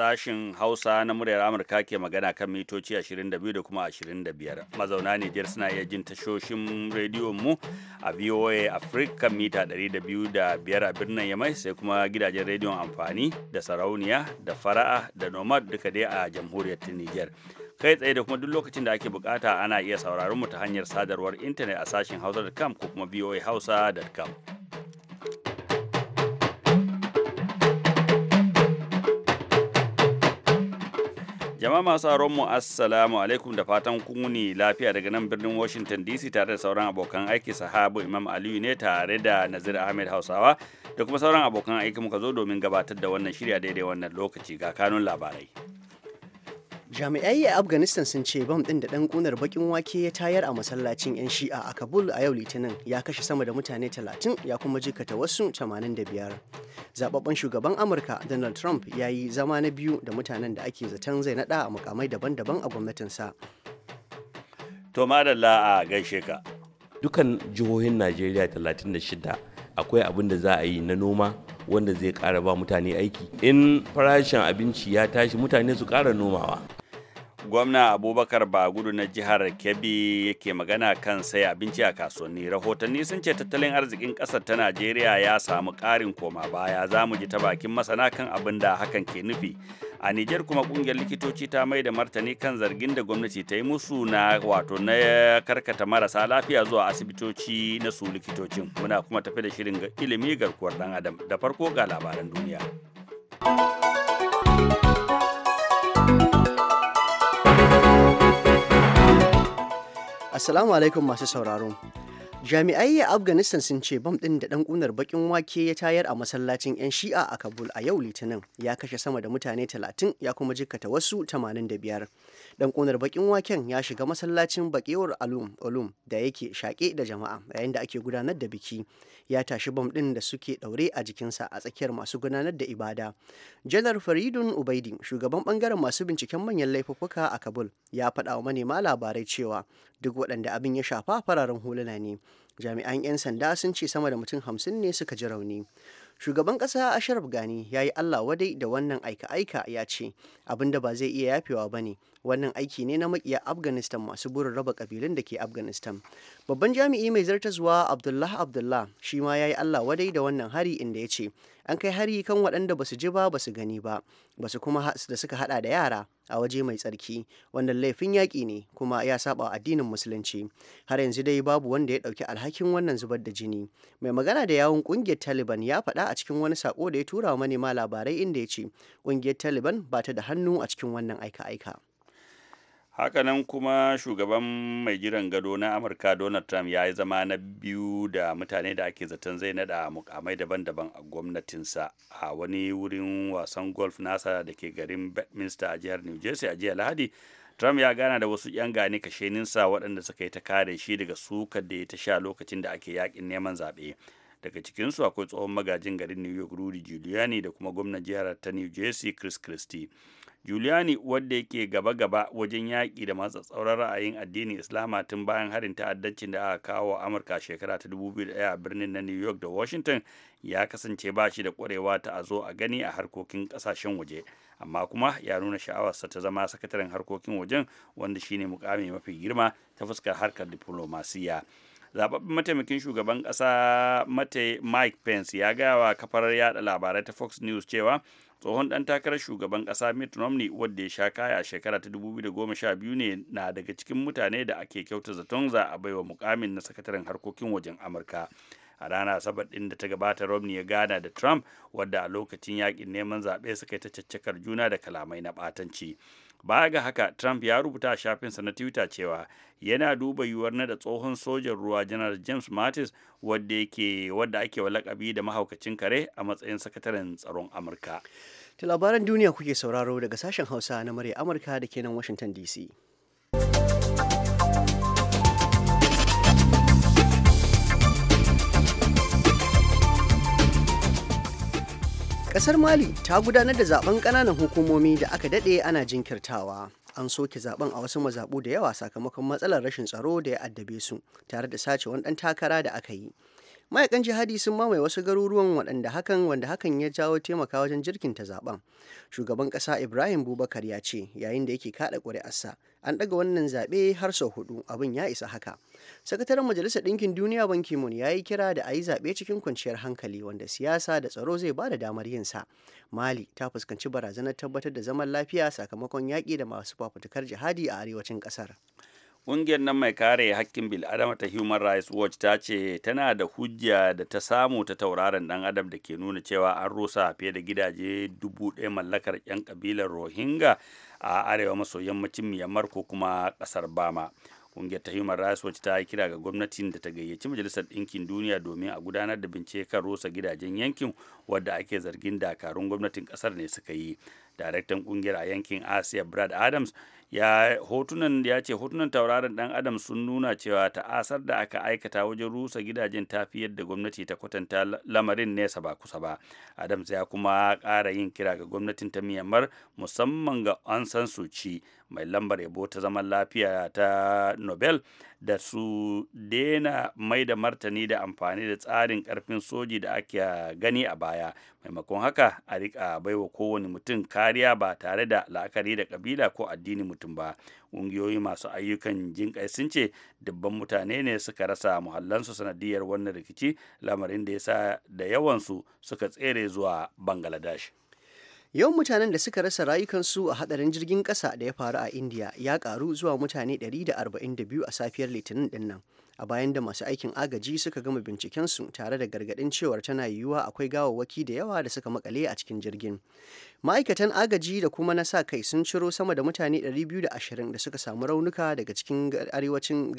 Sashin Hausa na muryar Amurka ke magana kan mitoci 22 da kuma 25. Mazauna Nijar suna iya jin tashoshin rediyon mu a VOA Africa mita 205 a birnin Yamai sai kuma gidajen rediyon amfani da sarauniya da fara'a da nomad duka dai a jamhuriyar Nijar. kai tsaye da kuma duk lokacin da ake bukata ana iya sauraron mu ta hanyar sadarwar intanet a sashin hausa.com ko kuma voahausa.com. Jama'a masu aron mu assalamu alaikum da fatan kun wuni lafiya daga nan birnin Washington DC tare da sauran abokan aiki sahabu Imam Aliyu ne tare da Nazir Ahmed Hausawa da kuma sauran abokan aiki muka zo domin gabatar da wannan shirya daidai wannan lokaci ga kanun labarai. jami'ai a afghanistan sun ce bam din da dan kunar bakin wake ya tayar a masallacin 'yan shi'a a kabul a yau litinin ya kashe sama da mutane 30 ya kuma jikata wasu 85 zababben shugaban amurka donald trump ya yi zama na biyu da mutanen da ake zaton zai nada a mukamai daban-daban a gwamnatinsa to madalla a gaishe ka dukan jihohin najeriya 36 akwai abin da za a yi na noma wanda zai kara ba mutane aiki in farashin abinci ya tashi mutane su kara nomawa gwamna abubakar bagudu na jihar kebbi yake magana kan sai abinci a kasuwanni rahotanni sun ce tattalin arzikin ƙasar ta najeriya ya samu karin koma baya za mu ji ta bakin masana kan abin da hakan ke nufi a nijar kuma ƙungiyar likitoci ta mai da martani kan zargin da gwamnati ta yi musu na wato na karkata marasa lafiya zuwa asibitoci na su likitocin muna kuma tafi da shirin ilimi garkuwar dan adam da farko ga labaran duniya Assalamu alaikum masu sauraro. Jami'ai a Afghanistan sun ce bam ɗin da ɗan ƙunar baƙin wake ya tayar a masallacin 'yan shi'a a Kabul a yau Litinin ya kashe sama da mutane 30 ya kuma jikkata wasu 85. dan ƙunar baƙin waken ya shiga masallacin Baƙewar Alum alum da yake shaƙe da jama'a yayin da ake gudanar da biki ya tashi bom ɗin da suke ɗaure a jikinsa a tsakiyar masu gudanar da ibada janar faridun ubaidi shugaban ɓangaren masu binciken manyan laifuffuka a kabul ya faɗa wa manema labarai cewa duk waɗanda abin ya shafa fararen huluna ne jami'an 'yan sanda sun ce sama da mutum hamsin ne suka ji rauni shugaban ƙasa ashraf gani ya yi allah wadai da wannan aika-aika ya ce abin da ba zai iya yafewa ba ne wannan aiki ne na makiya afghanistan masu burin raba kabilun da ke afghanistan babban jami'i mai zuwa abdullah abdullah shi ma ya yi allah wadai da wannan hari inda ya ce an kai hari kan waɗanda ba su ji ba ba su gani ba ba su kuma da suka hada da yara a waje mai tsarki wannan laifin yaƙi ne kuma ya saba addinin musulunci har yanzu dai babu wanda ya ɗauki alhakin wannan zubar da jini mai magana da yawun ƙungiyar taliban ya faɗa a cikin wani sako da ya tura manema labarai inda ya ce ƙungiyar taliban ba ta da hannu a cikin wannan aika-aika hakanan kuma shugaban mai jiran gado na amurka donald trump ya yi zama na biyu da mutane da ake zaton zai nada mukamai daban-daban a gwamnatinsa a wani wurin wasan golf nasa da ke garin bedminster a jihar new jersey a jiya lahadi trump ya gana da wasu 'yan gane ninsa waɗanda suka yi ta kare shi daga sukar da ya ta sha lokacin da ake yakin neman zaɓe daga cikinsu akwai tsohon magajin garin new york rudy giuliani da kuma gwamnan jihar ta new jersey chris christie Giuliani wadda yake gaba-gaba wajen yaƙi da masu tsauran ra'ayin addinin Islama tun bayan harin ta'addancin da aka kawo wa Amurka shekara ta 2001 a birnin na New York da Washington ya kasance ba shi da ƙwarewa ta a zo a gani a harkokin ƙasashen waje. Amma kuma ya nuna sha'awarsa ta zama sakataren harkokin wajen wanda shine mukami mafi girma ta fuskar harkar diflomasiya. zababben mataimakin shugaban kasa mate mike pence ya gaya wa kafar yada labarai ta fox news cewa tsohon ɗan takarar shugaban ƙasa mitt romney wadda ya sha kaya a shekara ta 2012 ne na daga cikin mutane da ake kyauta zaton za a baiwa mukamin na sakataren harkokin wajen amurka a ranar asabar ɗin da ta gabata romney ya gana da trump wadda a lokacin yakin neman zaɓe suka yi ta caccakar juna da kalamai na ɓatanci baya ga haka trump ya rubuta a shafinsa na twitter cewa yana duba yiwuwar na da tsohon sojan ruwa janar james mattis wadda ake wadda ake lakabi da mahaukacin kare a matsayin sakataren tsaron amurka ta labaran duniya kuke sauraro daga sashen hausa na murya amurka da kenan washington dc Kasar Mali ta gudanar da zaben ƙananan hukumomi da aka daɗe ana jinkirtawa. An soke zaben a wasu mazaɓu da yawa sakamakon matsalar rashin tsaro da ya addabe su, tare da sace wani ɗan takara da aka yi. ma'aikan jihadi sun mamaye wasu garuruwan waɗanda hakan wanda hakan ya jawo taimaka wajen jirkinta zaben shugaban ƙasa ibrahim bubakar ya ce yayin da yake kaɗa ƙuri'arsa an ɗaga wannan zaɓe har sau hudu abin ya isa haka sakataren majalisar ɗinkin duniya ban kimon ya yi kira da a yi zaɓe cikin kwanciyar hankali wanda siyasa da tsaro zai ba da damar yinsa mali ta fuskanci barazanar tabbatar da zaman lafiya sakamakon yaƙi da masu fafutukar jihadi a arewacin ƙasar ƙungiyar nan mai kare hakkin bil'adama ta human rights watch ta ce tana da hujja da ta samu ta tauraron ɗan adam da ke nuna cewa an rusa fiye da gidaje dubu ɗaya mallakar 'yan ƙabilar rohingya a arewa maso yammacin myanmar ko kuma ƙasar bama kungiyar ta human rights watch ta kira ga gwamnatin da ta gayyaci majalisar ɗinkin duniya domin a gudanar da bincike kan rusa gidajen yankin wadda ake zargin dakarun gwamnatin ƙasar ne suka yi daraktan kungiyar a yankin asia brad adams ya hotunan ya ce hotunan tauraron dan adam sun nuna cewa ta'asar da aka aikata wajen rusa gidajen tafi yadda gwamnati ta kwatanta lamarin nesa ba kusa ba adams ya kuma ƙara yin kira ga gwamnatin ta myanmar musamman ga an san suci mai lambar yabo ta zaman lafiya ta nobel da su daina mai da martani da amfani da tsarin karfin soji da ake gani a baya maimakon haka a riƙa baiwa kowane mutum kariya ba tare da la'akari da ƙabila ko addini mutum ba ƙungiyoyi masu ayyukan jinƙai sun ce dubban mutane ne suka rasa muhallansu sanadiyar wannan rikici lamarin da ya sa da yawansu suka tsere zuwa bangladesh yawan mutanen da suka rasa rayukansu a hadarin jirgin kasa da ya faru a indiya ya karu zuwa mutane 142 a safiyar litinin dinnan a bayan da masu aikin agaji suka gama binciken su tare da gargaɗin cewar tana yiwuwa akwai gawawwaki da yawa da suka makale a cikin jirgin ma'aikatan agaji da kuma na sa kai sun ciro sama da mutane 220 da suka samu raunuka daga cikin arewacin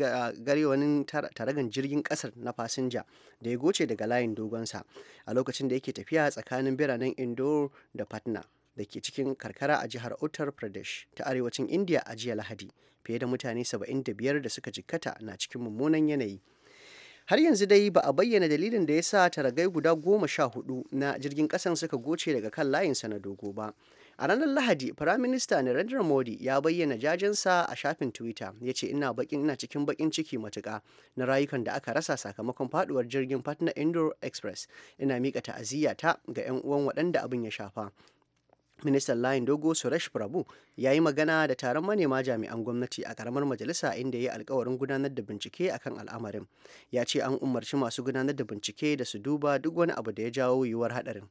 garewanin taragan jirgin kasar na fasinja da ya goce daga layin dogonsa a lokacin da yake tafiya tsakanin biranen indore da patna da ke cikin karkara a jihar uttar pradesh ta arewacin india a jiya lahadi fiye da mutane 75 da suka jikkata na cikin mummunan yanayi har yanzu dai ba a bayyana dalilin da ya sa taragai guda goma sha hudu na jirgin kasan suka goce daga kan layinsa na dogo ba a ranar lahadi firaminista narendra modi ya bayyana jajensa a shafin twitter ya ce ina bakin ina cikin bakin ciki matuka na rayukan da aka rasa sakamakon faduwar jirgin patna indoor express ina mika ta'aziyya ta ga 'yan uwan waɗanda abin ya shafa ministan layin dogo suresh prabhu ya yi magana da taron manema jami'an gwamnati a karamar majalisa inda ya yi alkawarin gudanar da bincike akan al'amarin ya ce an umarci masu gudanar da bincike da su duba duk wani abu da ya jawo yiwuwar haɗarin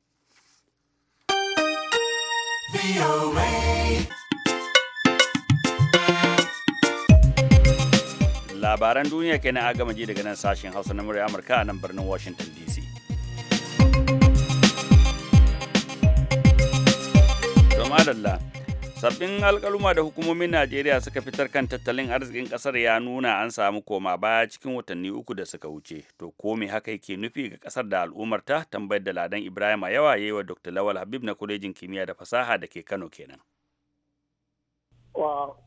labaran duniya kenan a gama ji daga nan sashen hausa na murya amurka a nan birnin washington dc madalla. Sabbin alkaluma da hukumomin Najeriya suka fitar kan tattalin arzikin kasar ya nuna an samu koma baya cikin watanni uku da suka wuce. To ko haka yake nufi ga kasar da al'ummar ta tambayar da Ladan Ibrahim a yawa yayi wa Dr. Lawal Habib na kwalejin kimiyya da fasaha da ke Kano kenan.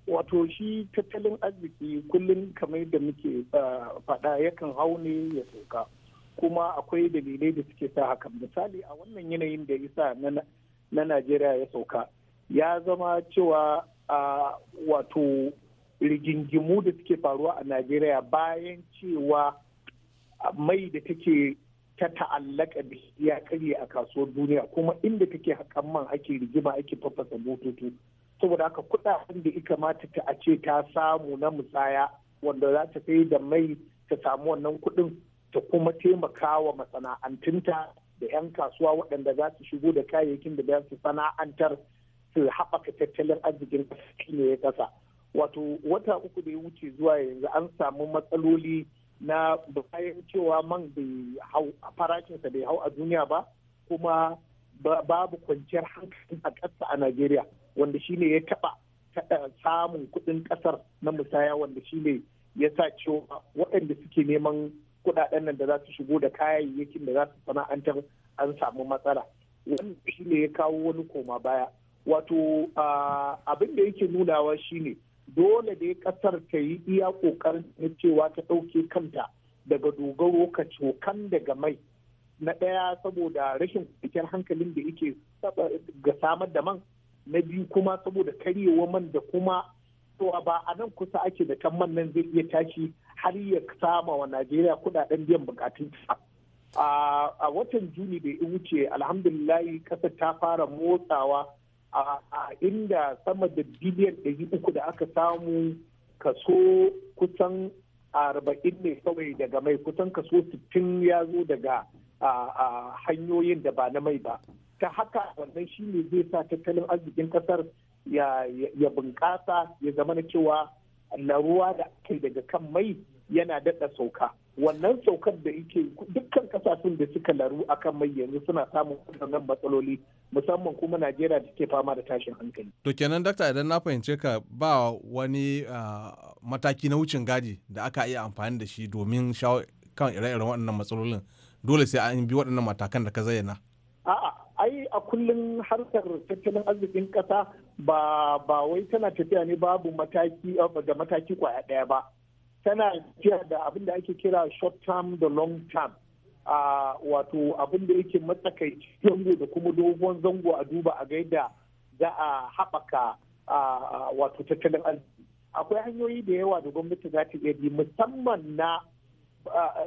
wato shi tattalin arziki kullum kamar da muke ah, faɗa yakan hau ne ya sauka kuma akwai dalilai da suke sa hakan misali a wannan yanayin da isa na na najeriya ya sauka ya zama cewa a wato rigingimu da suke faruwa a najeriya bayan cewa mai da take ta ta'allaka da ya karye a kasuwar duniya kuma inda take hakan man ake rigima ake faffasa bututu saboda haka kudaden da ika mata ta a ce ta samu na musaya wanda za ta sai da mai ta samu wannan kudin ta kuma taimaka wa masana'antunta da 'yan kasuwa waɗanda za su shigo da kayayyakin da za su sana'antar su haɓaka tattalin arzikin ne ya ƙasa wato wata uku da ya wuce zuwa yanzu an samu matsaloli na bayan cewa man bai hau a farashinsa bai hau a duniya ba kuma babu kwanciyar hankali a ƙasa a najeriya wanda shine ya taɓa samun kuɗin ƙasar na musaya wanda shine ya sa cewa waɗanda suke neman kudaden nan da za su shigo da kayayyakin da za su sana'antar an samu matsala wannan shi ne ya kawo wani koma baya wato abin da yake nunawa shine dole da kasar ta yi iya kokarin na cewa ta ɗauke kanta daga dogaro ka cokan daga mai na ɗaya saboda rashin kwanciyar hankalin da yake ga samar da man na biyu kuma saboda karyewa man da kuma to ba a nan kusa ake da kan man nan zai iya tashi har ya sama wa najeriya kudaden biyan bukatun a watan juni da ya wuce alhamdulillahi kasa ta fara motsawa a inda sama da biliyan ɗari uku da aka samu kaso kusan arba'in ne kawai daga mai kusan kaso sittin ya zo daga hanyoyin da ba na mai ba ta haka wannan shi ne zai sa tattalin arzikin kasar ya bunƙasa ya zama na cewa na ruwa da ake daga kan mai yana daɗa sauka wannan saukar da yake dukkan kasashen da suka laru a kan mai yanzu suna samun waɗannan matsaloli musamman kuma najeriya da ke fama da tashin hankali to kenan dakta idan na fahimce ka ba wani ah, mataki na wucin gadi da aka iya amfani da shi domin shawo kan ire-iren waɗannan matsalolin dole sai an bi waɗannan matakan da ka zayyana ai a kullum harkar tattalin arzikin ƙasa ba ba wai tana tafiya ne babu mataki uh, da mataki kwaya ɗaya ba tana tafiya da abin da ake kira short term da long term a wato abin da yake matsakaici zango da kuma dogon zango a duba a gaida za a haɓaka wato tattalin arziki akwai hanyoyi da yawa da gwamnati za ta iya bi musamman na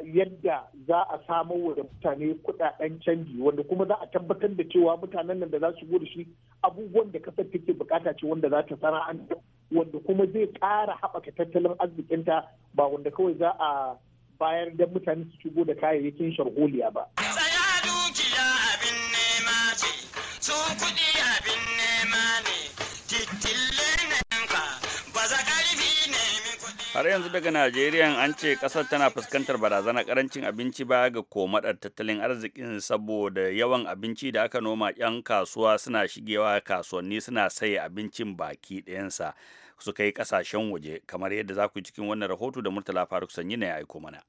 yadda za a samo da mutane kudaden canji wanda kuma za a tabbatar da cewa mutanen nan da za su da shi abubuwan da kasar take bukata ce wanda za ta sana'anta wanda kuma zai ƙara haɓaka tattalin arzikinta ba wanda kawai za a bayar da mutane su shigo da kayayyakin sharholiya ba. Tsaya dukiya abin nema ce, su kuɗi abin nema ne, titil har yanzu daga najeriya an ce kasar tana fuskantar barazana karancin abinci baya ga komadar tattalin arzikin saboda yawan abinci da aka noma 'yan kasuwa suna shigewa kasuwanni suna saye abincin baki ɗayansa su kai kasashen waje kamar yadda za ku cikin wannan rahoto da murtala faruk sanyi na ya aiko mana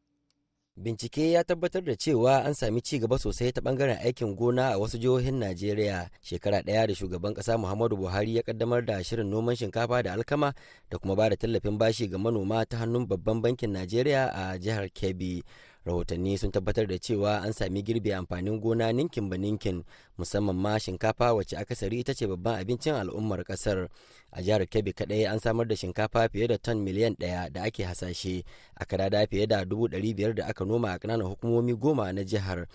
Bincike ya tabbatar da cewa an sami ci gaba sosai ta bangaren aikin gona a wasu jihohin Najeriya shekara ɗaya da shugaban ƙasa Muhammadu Buhari ya kaddamar da shirin noman shinkafa da alkama da kuma ba da tallafin bashi ga manoma ta hannun babban bankin Najeriya a jihar Kebbi. rahotanni sun tabbatar da cewa an sami girbe amfanin gona ninkin ba ninkin musamman ma shinkafa wacce akasari ita ce babban abincin al'ummar kasar a jihar kebbi kadai an samar da shinkafa fiye da ton miliyan daya da ake hasashe a kadada fiye da dubu ɗari biyar da aka noma a ƙananan hukumomi goma na jihar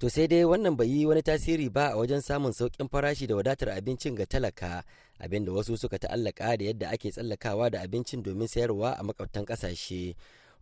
to sai dai wannan bai yi wani tasiri ba a wajen samun saukin farashi da wadatar abincin ga talaka abinda wasu suka ta'allaka da yadda ake tsallakawa da abincin domin sayarwa a makwabtan kasashe.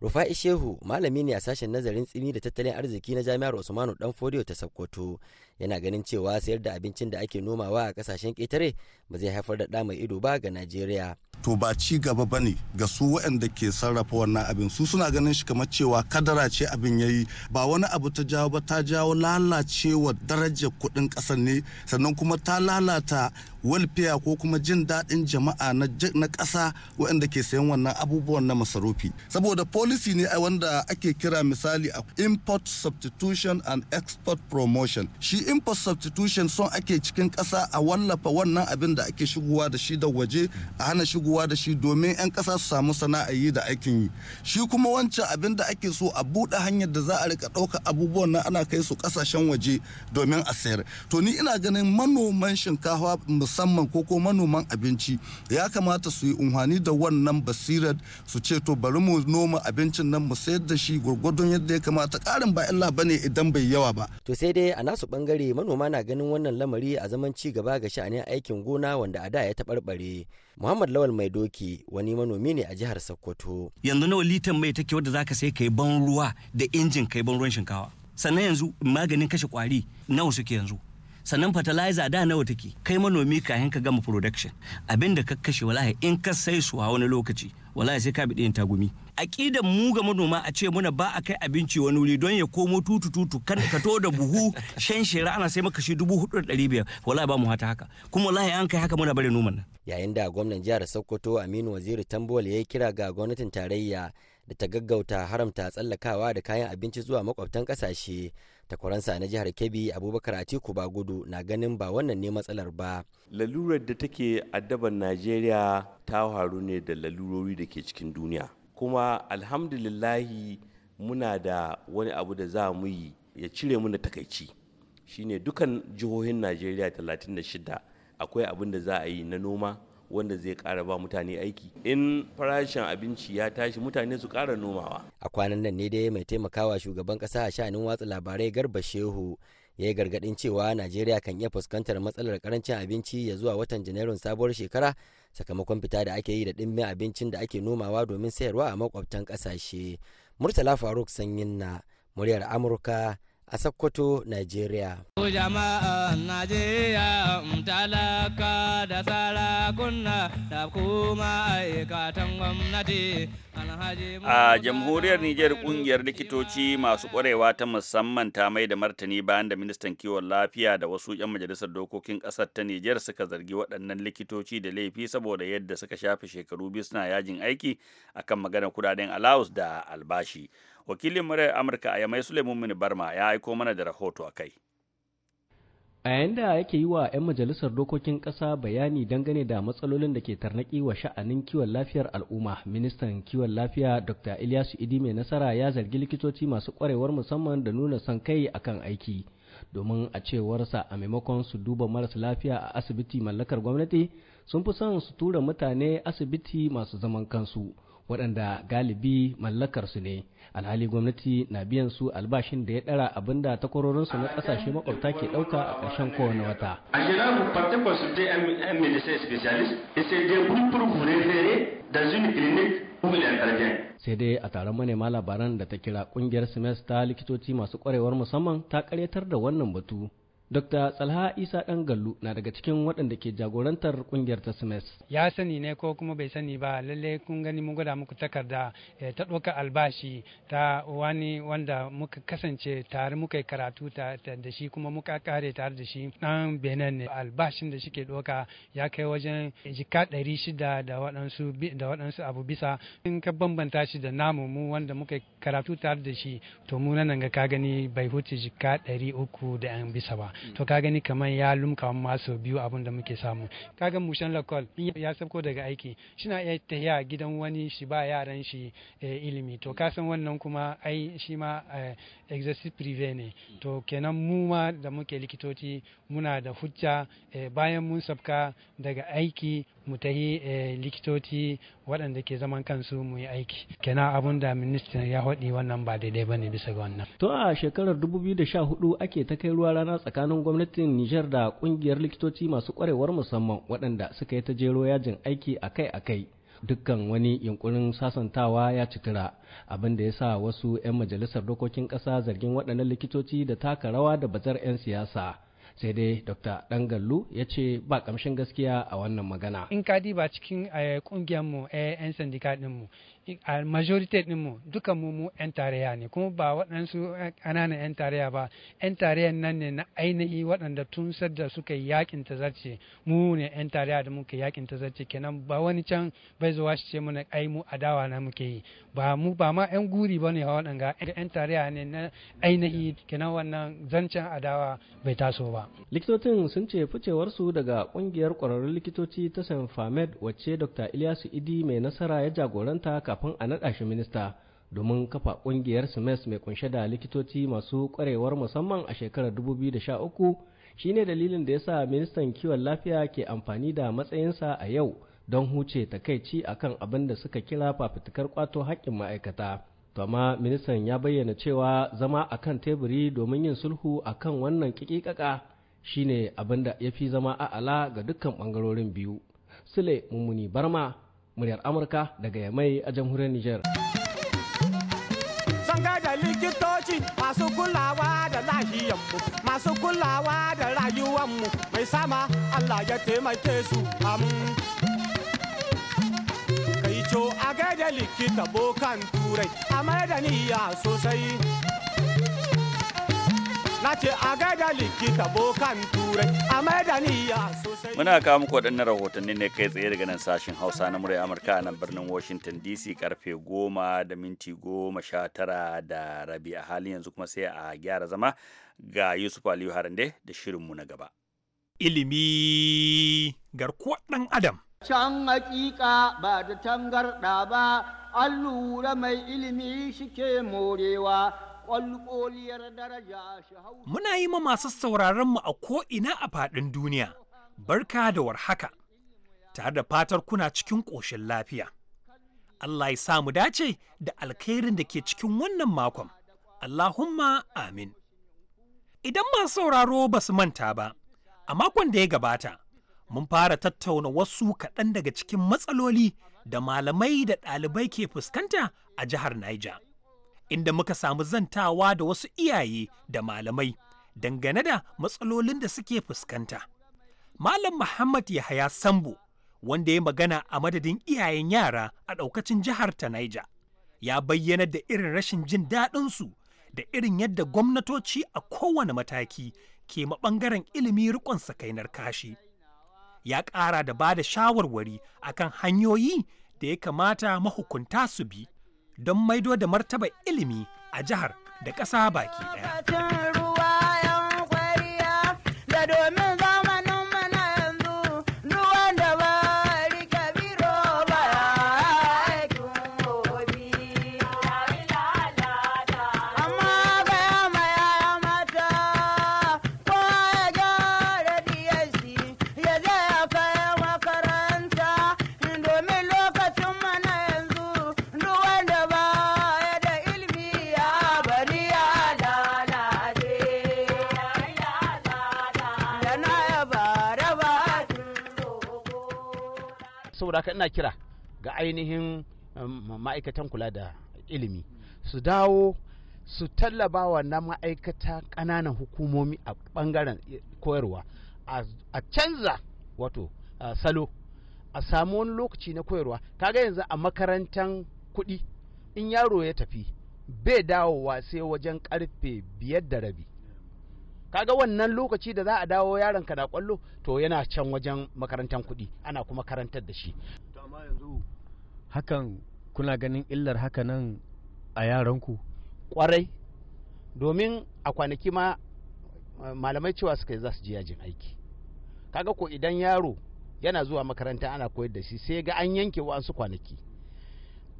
Rufa'i Shehu malami ne a sashen nazarin tsini da tattalin arziki na Jami'ar Usmanu Danfodiyo ta Sokoto yana ganin cewa sayar da abincin da ake nomawa a kasashen ƙetare ba zai haifar da mai ido ba ga najeriya to ba ci gaba ba ne ga su waɗanda ke sarrafa wannan abin su suna ganin shi kamar cewa kadara ce abin yayi ba wani abu ta jawo ba ta jawo lalacewa daraja kuɗin ƙasar ne sannan kuma ta lalata walfiya ko kuma jin daɗin jama'a na ƙasa waɗanda ke sayan wannan abubuwan na masarufi saboda policy ne wanda ake kira misali a import substitution and export promotion shi in import substitution son ake cikin kasa a wallafa wannan abin da ake shigowa da shi da waje a hana shigowa da shi domin 'yan kasa su samu sana'a yi da aikin yi shi kuma wancan abin da ake so a buɗe hanyar da za a rika ɗauka abubuwan nan ana kai su ƙasashen waje domin a sayar to ni ina ganin manoman shinkafa musamman ko ko manoman abinci ya kamata su yi unhani da wannan basirar su ce to bari mu noma abincin nan mu sayar da shi gwargwadon yadda ya kamata ƙarin ba illa bane idan bai yawa ba to sai dai a nasu bangare bangare manoma na ganin wannan lamari a zaman ci gaba ga sha'anin aikin gona wanda a da ya taɓarɓare. Muhammad Lawal Mai Doki wani manomi ne a jihar Sokoto. Yanzu nawa litan mai take wadda zaka sai kai ban ruwa da injin kai ban ruwan shinkawa. Sannan yanzu maganin kashe kwari nawa suke yanzu. sannan fertilizer da nawa take kai manomi kayan ka gama production abin da ka kashe wallahi in ka sai su a wani lokaci wallahi sai ka biɗe tagumi aƙidan mu ga manoma a ce muna ba a kai abinci wani wuri don ya komo tutu tutu kan ka to da buhu shan shira ana sai maka shi dubu hudu da ɗari biyar wallahi ba mu hata haka kuma wallahi an kai haka muna bare noman nan yayin da gwamnan jihar sokoto aminu waziri tambol ya yi kira ga gwamnatin tarayya da ta gaggauta haramta tsallakawa da kayan abinci zuwa makwabtan kasashe takwaransa na jihar kebbi abubakar atiku gudu na ganin ba wannan ne matsalar ba lalurar da take addaban najeriya ta faru ne da lalurori da ke cikin duniya kuma alhamdulillahi muna da wani abu da za mu yi ya cire mu takaici shine dukan jihohin najeriya 36 akwai abin da za a yi na noma wanda zai kara ba mutane aiki in farashin abinci ya tashi mutane su kara nomawa a kwanan nan ne dai mai taimakawa shugaban ƙasa a sha'anin watsa labarai garba shehu ya yi gargaɗin cewa najeriya kan iya fuskantar matsalar karancin abinci ya zuwa watan janairun sabuwar shekara sakamakon fita da ake yi da ɗimbin abincin da ake nomawa domin sayarwa a makwabtan ƙasashe murtala faruk sanyin na muryar amurka a Sokoto, nigeria. A jamhuriyar Nijar kungiyar likitoci masu kwarewa ta musamman ta mai da martani bayan da ministan kiwon lafiya da wasu 'yan majalisar dokokin ƙasar ta Nijar suka zargi waɗannan likitoci da laifi saboda yadda suka shafe shekaru biyu suna yajin aiki akan maganar kudaden alawus da albashi. wakilin muryar amurka a yamai suleiman mini barma ya aiko mana da rahoto a kai a yayin da yake yi wa 'yan majalisar dokokin ƙasa bayani dangane da matsalolin da ke tarnaki wa sha'anin kiwon lafiyar al'umma ministan kiwon lafiya dr ilyasu idi mai nasara ya zargi likitoci masu kwarewar musamman da nuna son kai akan aiki domin a cewarsa a maimakon su duba marasa lafiya a asibiti mallakar gwamnati sun fi son su tura mutane asibiti masu zaman kansu waɗanda galibi mallakarsu ne alhali gwamnati na biyan su albashin da ya ɗara abinda da su na ƙasashe makwabta ke ɗauka a ƙarshen kowane wata. a sai dai a taron manema labaran da ta kira kungiyar semester likitoci masu kwarewar musamman ta karyatar da wannan batu Dr. Tsalha Isa ɗan Gallu na daga cikin waɗanda ke jagorantar ƙungiyar ta SMS. Ya sani ne ko kuma bai sani ba lalle kun gani mun gwada muku takarda eh, ta ɗauka albashi ta wani wanda muka kasance tare muka yi karatu da shi kuma muka kare tare da shi ɗan Benin ne albashin da shike ɗauka ya kai wajen jika ɗari shida da waɗansu abu bisa in ka bambanta shi da namu mu wanda muka karatu tare da shi to mu nan ga ka gani bai huce jika ɗari uku da yan bisa ba to ka gani kamar ya lumka ma sau biyu abin da muke samu kaga mushan lakol ya sabko daga aiki shina iya tahiya gidan wani shi ba yaran shi eh, ilimi to ka san wannan kuma ai shi ma eh, exercise prive ne to kenan mu ma da muke likitoci muna da hujja eh, bayan mun sabka daga aiki mu ta yi eh, likitoci waɗanda ke zaman kansu mu yi aiki kenan abun da ministan ya haɗi wannan ba daidai ba ne bisa ga wannan to a shekarar 2014 ake ta kai ruwa rana tsakanin gwamnatin nijar da ƙungiyar likitoci masu kwarewar musamman waɗanda suka yi ta jero yajin aiki akai-akai dukkan wani yunkurin sasantawa ya citira abin da ya sa wasu 'yan majalisar dokokin ƙasa zargin waɗannan likitoci da taka rawa da bazar 'yan siyasa sai dai dr dangallu ya ce ba kamshin gaskiya a wannan magana in ka ba cikin eh, ƙungiyar mu eh, yan sandika ɗin mu a majority din mu duka mu mu yan tarayya ne kuma ba waɗansu ƙananan yan tarayya ba yan tarayyan nan ne na ainihi waɗanda tun sadda suka yi ta zarce mu ne yan tarayya da muka yakin zarce kenan ba wani can bai zuwa shi ce muna ai mu adawa na muke yi ba mu ba ma yan guri ba ne waɗanga yan tarayya ne na ainihi kenan wannan zancen adawa bai taso ba likitocin sun ce ficewarsu daga ƙungiyar ƙwararrun likitoci ta famed wacce dr ilyasu idi mai nasara ya jagoranta ka. kafin a naɗa shi minista domin kafa ƙungiyar smes e mai kunshe da likitoci masu ƙwarewar musamman a shekarar 2013 shine dalilin da ya sa ministan kiwon lafiya ke amfani da matsayinsa a yau don huce takaici akan abin da suka kira fafutukar kwato haƙƙin ma'aikata. amma ministan ya bayyana cewa zama a kan teburi domin yin sulhu a kan wannan ƙiƙiƙaƙa shine abin da ya fi zama a'ala ga dukkan ɓangarorin biyu. Sule Mummuni Barma, muryar Amurka daga Yamai a jamhuriyar Nijar. Sanga da likitoci masu kulawa da lahiyanmu, masu kulawa da rayuwanmu mai sama Allah ya taimake su amin. Kai co a gaida likita bokan turai, a mai da niyya sosai. na ce a gaida likita bokan turai a sosai muna kawo muku waɗannan rahotanni ne kai tsaye daga nan sashen hausa na murya amurka a nan birnin washington dc karfe goma da minti goma sha tara da rabi a halin yanzu kuma sai a gyara zama ga yusuf aliyu harande da shirinmu na gaba ilimi garkuwar ɗan adam can hakika ba da tangarɗa ba an lura mai ilimi shike morewa Muna yi ma masu sauraronmu a ko'ina a faɗin duniya, barka da warhaka, tare da fatar kuna cikin ƙoshin lafiya. Allah ya samu dace da alkhairin da ke cikin wannan makon, Allahumma amin. Idan masu sauraro ba su manta ba, a makon da ya gabata, mun fara tattauna wasu kaɗan daga cikin matsaloli da malamai da ɗalibai ke fuskanta a jihar Niger. inda muka samu zantawa da wasu iyaye da malamai dangane da matsalolin da suke fuskanta. Malam Muhammad Yahaya Sambo wanda ya magana a madadin iyayen yara a ɗaukacin jihar ta Naija ya bayyana da irin rashin jin daɗinsu da irin yadda gwamnatoci a kowane mataki ke maɓangaren ilimi riƙon sakainar kashi. Ya ƙara da ba da shawarwari akan hanyoyi da ya kamata mahukunta su bi don maido da martaba ilimi a jihar da ƙasa baki ɗaya. saboda haka ina kira ga ainihin um, ma'aikatan kula da ilimi su dawo su tallaba na ma'aikata ƙananan hukumomi a ɓangaren koyarwa a canza wato salo a samu wani lokaci na koyarwa kaga yanzu a makarantar kuɗi in yaro ya tafi bai dawowa sai wajen ƙarfe biyar da rabi kaga wannan lokaci da za a dawo yaron ka da kwallo to yana can wajen makarantar kuɗi ana kuma karantar da shi hakan kuna ganin illar haka nan a yaranku kwarai domin a kwanaki ma malamai cewa suka yi za su je yajin aiki kaga ko idan yaro yana zuwa makaranta ana koyar da shi sai ga an yanke wa'ansu kwanaki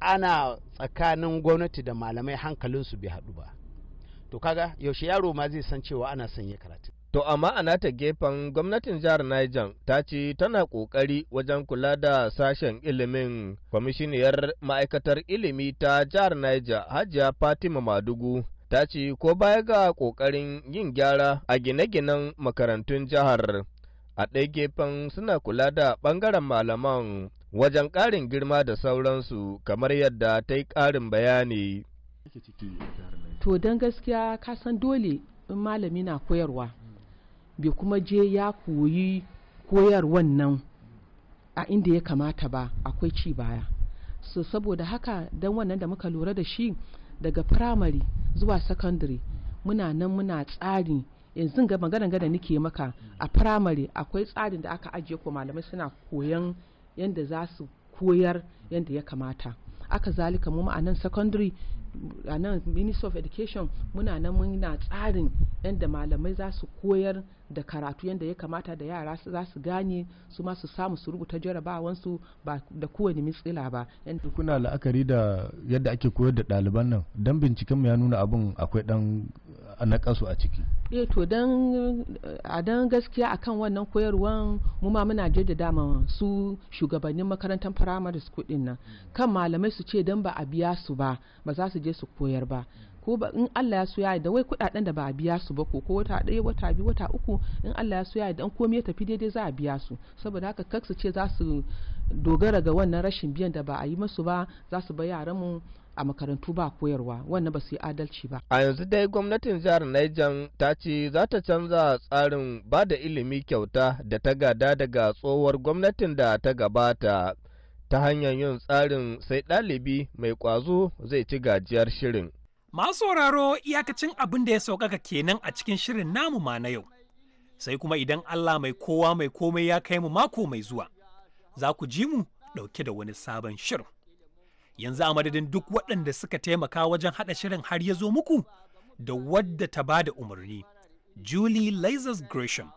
ana tsakanin gwamnati da malamai hankalinsu bai haɗu ba to kaga yaushe yaro ma zai san cewa ana son ya karatu To amma a nata gefen gwamnatin jihar Niger ta ce tana ƙoƙari wajen kula da sashen ilimin kwamishiniyar ma'aikatar ilimi ta jihar Niger Hajiya Fatima Madugu ta ce ko baya ga ƙoƙarin yin gyara a gine-ginen makarantun jihar a ɗaya gefen suna kula da ɓangaren malaman wajen ƙarin girma da sauransu kamar yadda ta yi ƙarin bayani. to don gaskiya ka san dole in malami na koyarwa bai kuma je ya koyi koyarwan nan a inda ya kamata ba akwai ci baya so saboda haka don wannan da muka lura da shi daga primary zuwa secondary muna nan muna tsari yanzu ga magana gada nake maka a primary akwai tsarin da aka ajiye ko malamai suna koyan yadda za su koyar yadda ya kamata aka zalika mu a nan secondary a nan ministry of education muna nan muna tsarin yadda malamai za su koyar da karatu yadda ya kamata da yara za su gane su ma su samu su rubuta jarabawansu ba da kowane mitsila ba kuna la'akari da yadda ake koyar da ɗaliban nan don binciken mu ya nuna abin akwai ɗan. na a ciki eh to dan a dan gaskiya akan wannan koyarwan mu ma muna jaddada ma su shugabannin makarantar firamare school din nan kan malamai su ce dan ba a biya su ba ba za su je su koyar ba ko ba in Allah ya so ya da wai kudaden da ba a biya su ba ko ko wata ɗaya wata biyu wata uku in Allah ya so ya da an komai tafi daidai za a biya su saboda haka kak su ce za su dogara ga wannan rashin biyan da ba a yi musu ba za su bar yaran mu a makarantu ba koyarwa wannan ba su yi adalci ba a yanzu dai gwamnatin jihar Niger ta ce za ta canza tsarin ba da ilimi kyauta da ta gada daga tsohuwar gwamnatin da ta gabata ta hanyar yin tsarin sai ɗalibi mai ƙwazo zai ci gajiyar shirin masu sauraro iyakacin abin da ya sauƙaƙa kenan a cikin shirin namu ma na yau sai kuma idan Allah mai kowa mai komai ya kai mu mako mai zuwa za ku ji mu ɗauke da wani sabon shirin yanzu a madadin duk waɗanda suka taimaka wajen haɗa shirin har ya zo muku da wadda ta ba da umarni julie lazarus gresham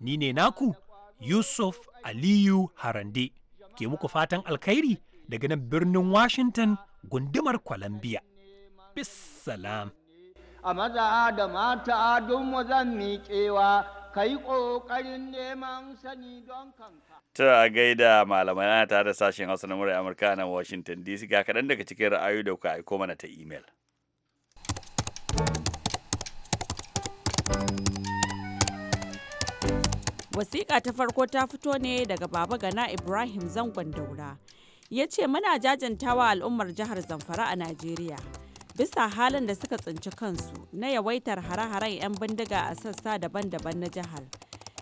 ni ne naku yusuf aliyu harande ke muku fatan alkhairi daga nan birnin washington gundumar columbia bissalam a maza da mata don mu zan miƙewa kai ƙoƙarin neman sani don kanka ta a gaida malamai na tare da sashen Hausa na murar Amurka na Washington DC ga kaɗan daga cikin ra'ayoyi da kuka aiko mana ta email. Wasiƙa ta farko ta fito ne daga Baba Gana Ibrahim Zangon Daura. Ya ce muna jajantawa al'ummar jihar Zamfara a Najeriya. Bisa halin da suka tsinci kansu na yawaitar hare-haren 'yan bindiga a sassa daban-daban na jihar.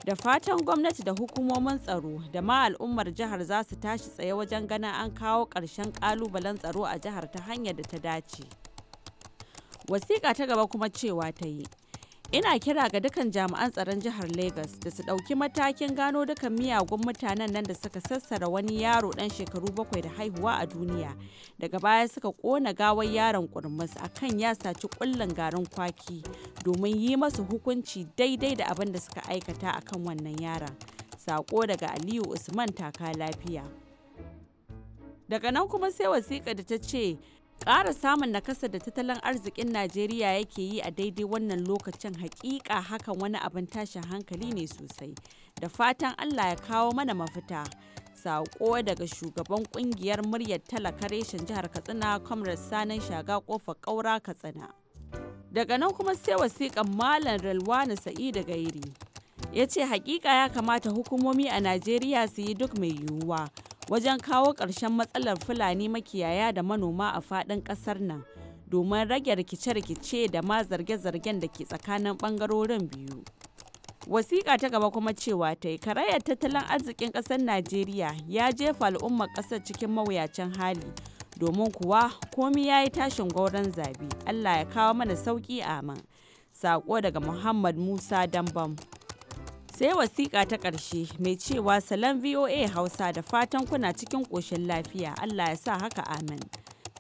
da fatan gwamnati da hukumomin tsaro da ma al'ummar jihar za su tashi tsaye wajen ganin an kawo ƙarshen ƙalubalen tsaro a jihar ta hanyar da ta dace wasiƙa ta gaba kuma cewa ta yi ina kira ga dukan jami'an tsaron jihar lagos da su ɗauki matakin gano dukkan miyagun mutanen nan da suka sassara wani yaro ɗan shekaru bakwai da haihuwa a duniya daga baya suka ƙona gawar yaron kurmus kan ya saci ƙullin garin kwaki domin yi masu hukunci daidai da abin da suka aikata a kan wannan yaron sako daga aliyu usman taka lafiya daga nan kuma sai wasiƙa da ta ce ƙara samun nakasa da tattalin arzikin najeriya yake yi a daidai wannan lokacin haƙiƙa hakan wani abin tashin hankali ne sosai da fatan allah ya kawo mana mafita saƙo daga shugaban ƙungiyar muryar talaka reshen jihar katsina comrade sanin shaga kofa ƙaura katsina daga nan kuma sai wasiƙan malam relwana sa'idu gairi ya ce haƙiƙa ya kamata hukumomi a najeriya su yi duk mai yiwuwa wajen kawo ƙarshen matsalar Fulani makiyaya da manoma a faɗin ƙasar nan domin rage rikice-rikice da ma zarge-zargen da ke tsakanin ɓangarorin biyu. Wasiƙa ta gaba kuma cewa ta yi karayar tattalin arzikin ƙasar Najeriya ya jefa al'ummar ƙasar cikin mawuyacin hali domin kuwa komi ya yi tashin gauran zabi. Allah ya kawo mana sauƙi man. saƙo daga Muhammad Musa Dambam. sai wasiƙa ta ƙarshe mai cewa salon voa hausa da fatan kuna cikin ƙoshin lafiya allah ya sa haka amin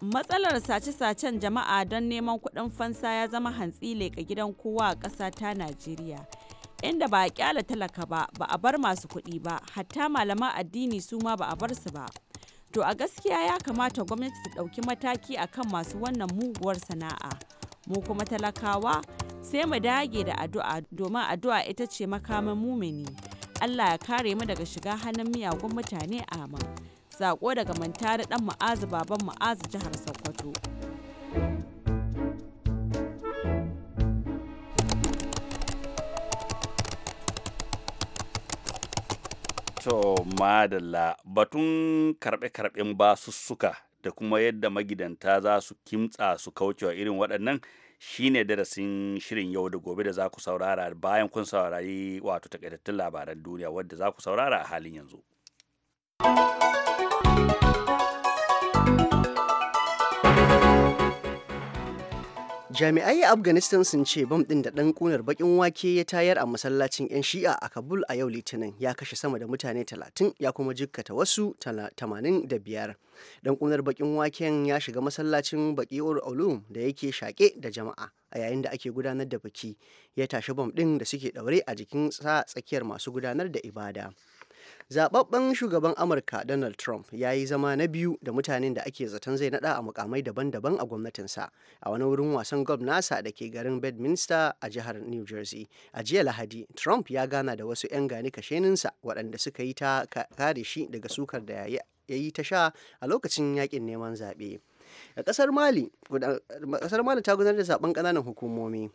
matsalar sace-sacen jama'a don neman kuɗin fansa ya zama hantsi leƙa gidan kowa a ƙasa ta najeriya inda ba a kyala talaka ba ba a bar masu kuɗi ba hatta malaman addini su ma ba a bar su ba to a gaskiya ya kamata gwamnati ta ɗauki mataki akan masu wannan muguwar sana'a mu kuma talakawa sai mu dage da addu'a domin addu'a ita ce makaman mumini Allah ya kare mu daga shiga hannun miyagun mutane amin zako daga mantari dan mu'azu baban mu'azu jihar sokoto To madalla batun karɓe-karɓen basussuka da kuma yadda magidanta za su kimtsa su kaucewa irin waɗannan shine darasin shirin yau da gobe da za ku saurara bayan kun saurari wato takaitattun labaran duniya wadda za ku saurara a halin yanzu. jami'ai afghanistan sun ce bam ɗin da ɗan ƙunar baƙin wake ya tayar a masallacin 'yan shi'a a kabul a yau litinin ya kashe sama da mutane 30 ya kuma jikkata wasu 85 ɗan ƙunar baƙin waken ya shiga masallacin baki'ur ulum da yake shaƙe da jama'a a yayin da ake gudanar da biki ya tashi bam ɗin da suke ɗaure a jikin sa tsakiyar masu gudanar da ibada zababben shugaban amurka donald trump ya yi zama na biyu da mutanen da ake zaton zai nada a mukamai daban-daban a gwamnatinsa a wani wurin wasan golf nasa da ke garin bedminster a jihar new jersey a jiya lahadi trump ya gana da wasu 'yan gani ninsa waɗanda suka yi ta kare shi daga sukar da ya yi ta sha a lokacin yakin neman zaɓe a ƙasar mali ta gudanar da zaben ƙananan hukumomi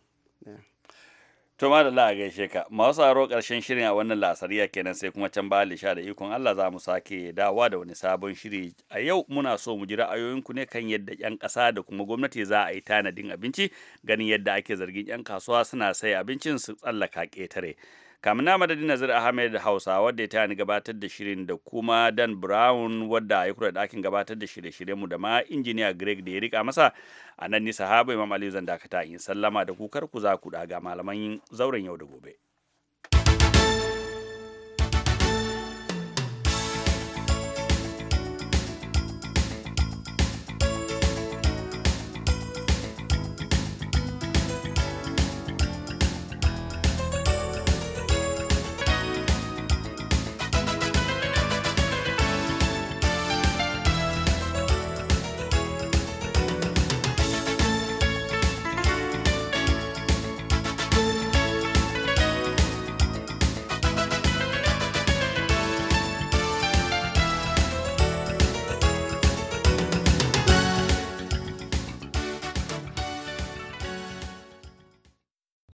To ma da la'a gaishe ka, masu aro karshen shirin a wannan lasariya kenan sai kuma can ba lisha da ikon Allah za mu sake dawa da wani sabon shiri. A yau muna so mu ji ra'ayoyinku ne kan yadda 'yan ƙasa da kuma gwamnati za a yi tanadin abinci ganin yadda ake zargin 'yan kasuwa suna sai abincin su tsallaka ƙetare. na madadin nazar ahmed hausa wadda ya taya ni gabatar da shirin da kuma dan brown wadda ya kura ɗakin gabatar da shirye-shirye mu da ma injiniya greg da ya rika masa a nan nisa sahaba imam aliyu zan dakata in sallama da kukar ku za ku ɗaga malaman zauren yau da gobe.